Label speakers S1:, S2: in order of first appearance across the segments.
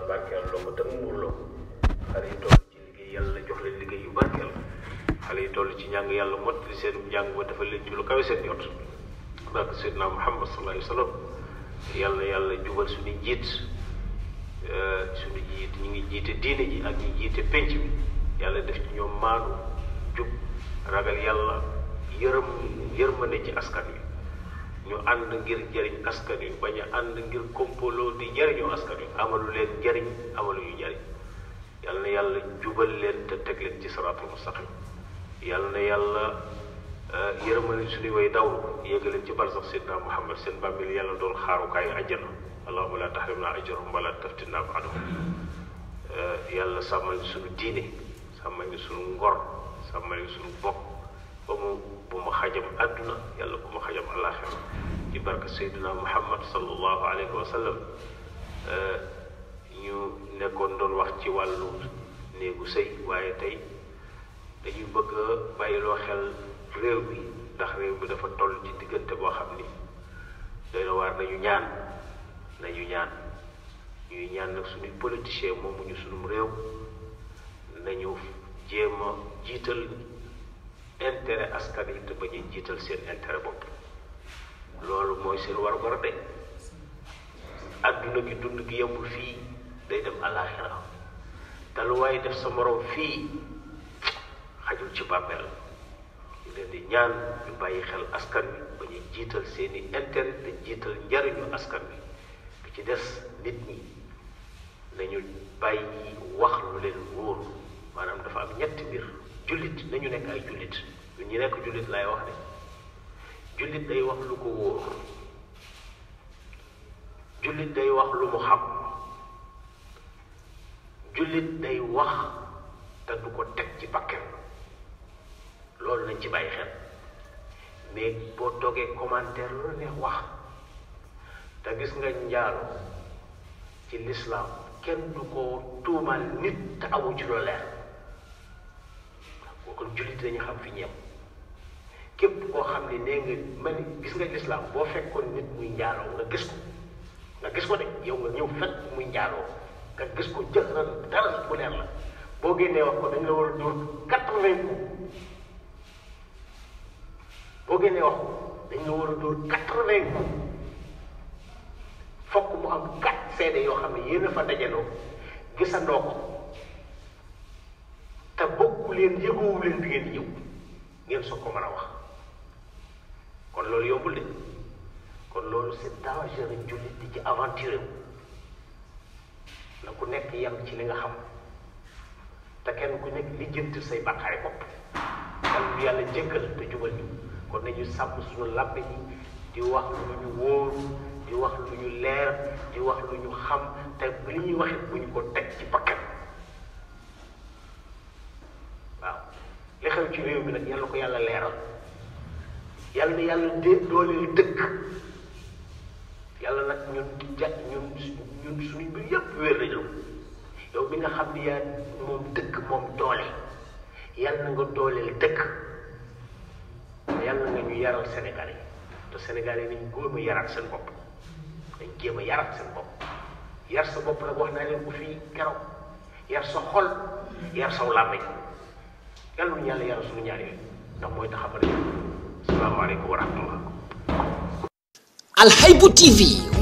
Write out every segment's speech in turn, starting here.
S1: yàlla barkeel loo ko te mu muur loo yi toll ci liggéey yàlla jox leen liggéey yu barkeel xale yi toll ci njàng yàlla mottali seen njàng ba dafa leen ci lu kawe seen jot barke Seydina Muhammad sallallahu alayhi wa sallam yàlla yàlla jubal suñu jiit euh, suñu jiit ñu ngi jiite diine ji ak ñi jiite penc bi yàlla def ci ñoom maanu jub ragal yàlla yërëm yërmande ci askan wi ñu ànd ngir jariñ askan yi bañ a ànd ngir kompoloo di jëriñoo askan yu amalu leen jëriñ amalu yu jëriñ yal na yàlla jubal leen te teg leen ci saraatul mustaqim yàlla na yàlla eh, yërëmale suñu way daw yéegale ci barsax sidna muhammad seen bàmmeel yàlla doon xaarukaayu àjjana allahuma la tahrimna ajrahum wala taftinna baadahum eh, yàlla sàmmal suñu diine sàmmal suñu ngor sàmmal suñu bopp ba mu bu ma xajam àdduna yàlla bu ma xajam àllaaxira ci barke Seydina Muhammad sallallahu alayhi wa sallam eh, ñu nekkoon doon wax ci wàllu néegu sëy waaye tey dañuy bëgg a bàyyiloo xel réew bi ndax réew bi dafa toll ci diggante boo xam ni doy na waar nañu ñaan nañu ñaan ñuy ñaan nag suñuy politicien moomuñu sunum réew nañu jéem jiital intérêt askan yi te bañ a jiital seen intérêt bopp loolu mooy seen war-war de adduna gi dund gi yemul fii day dem alaxira te lu def sa moroom fii xajul ci bàmmeel ñu di ñaan ñu bàyyi xel askan bi ba a jiital seeni intere intérêt te jiital njariñu askan bi bi ci des nit ñi nañu bàyyi wax lu leen wóor maanaam dafa am ñetti mbir jullit nañu nekk ay jullit ñun ñi nekk jullit laay wax de jullit day wax lu ko wóor jullit day wax lu mu xam jullit day wax te du ko teg ci bakkan loolu lañ ci bàyyi xel mais boo toogee commentaire lu neex wax te gis nga njaalo ci lislaam kenn du ko tuumal nit te amu ci lu ba kon jullit dañu xam fi ñeem képp koo xam ne nee nga mel ni gis nga lislaam boo fekkoon nit muy njaaloo nga gis ko nga gis ko de yow nga ñëw fekk muy njaaloo nga gis ko jëxëral dara bu leer la boo génnee wax ko dañ la war a dóor quatre-vingts coups boo génnee wax ko fokk mu am quatre seede yoo xam ne yéen a fa dajaloo gisandoo ko leen yëgoowu leen bi ngeen ñëw ngeen soog ko mën a wax kon loolu yombul de kon loolu c'est dangereux jullit di ci aventuré wu na ku nekk yam ci li nga xam te kenn ku nekk li jënt say bàkkaari bopp dal lu yàlla kon nañu sàmm suñu làbbe yi di wax lu ñu wóor di wax lu ñu leer di wax lu ñu xam te li ñu waxee bu ñu ko teg ci bakkan xew ci réew mi nag yàlla ko yàlla leeral yàlla na yàlla dé dooleel dëkk yàlla nag ñun ja ñun bi nga xam ni yaa dëkk moom doole yàlla na dëkk yàlla nga ñu yaral Sénégal yi te Sénégal yi nañ góob a yaral seen bopp a bopp yar sa bopp nag wax naa leen ko fii keroog yar sa xol yar saw làmmiñ yàlla na yàlla yàlla suñu ñaari ndax mooy tax a bëri salaamaaleykum wa rahmatullah. Alhaïbou TV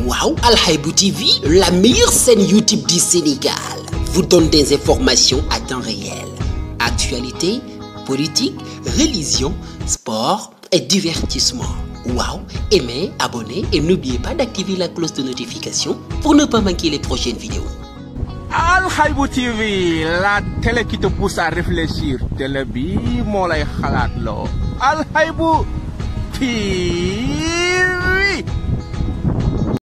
S1: waaw Alhaïbou TV la meilleure chaîne YouTube du Sénégal vous donne des informations à temps réel actualité politique religion sport et divertissement waaw aimez abonnez et n'oubliez pas d'activer la cloche de notification pour ne pas manquer les prochaines vidéos. Al Haïbou TV la télé qui te pousse à réfléchir télé bi moo lay xalaat loo Al Haïbou TV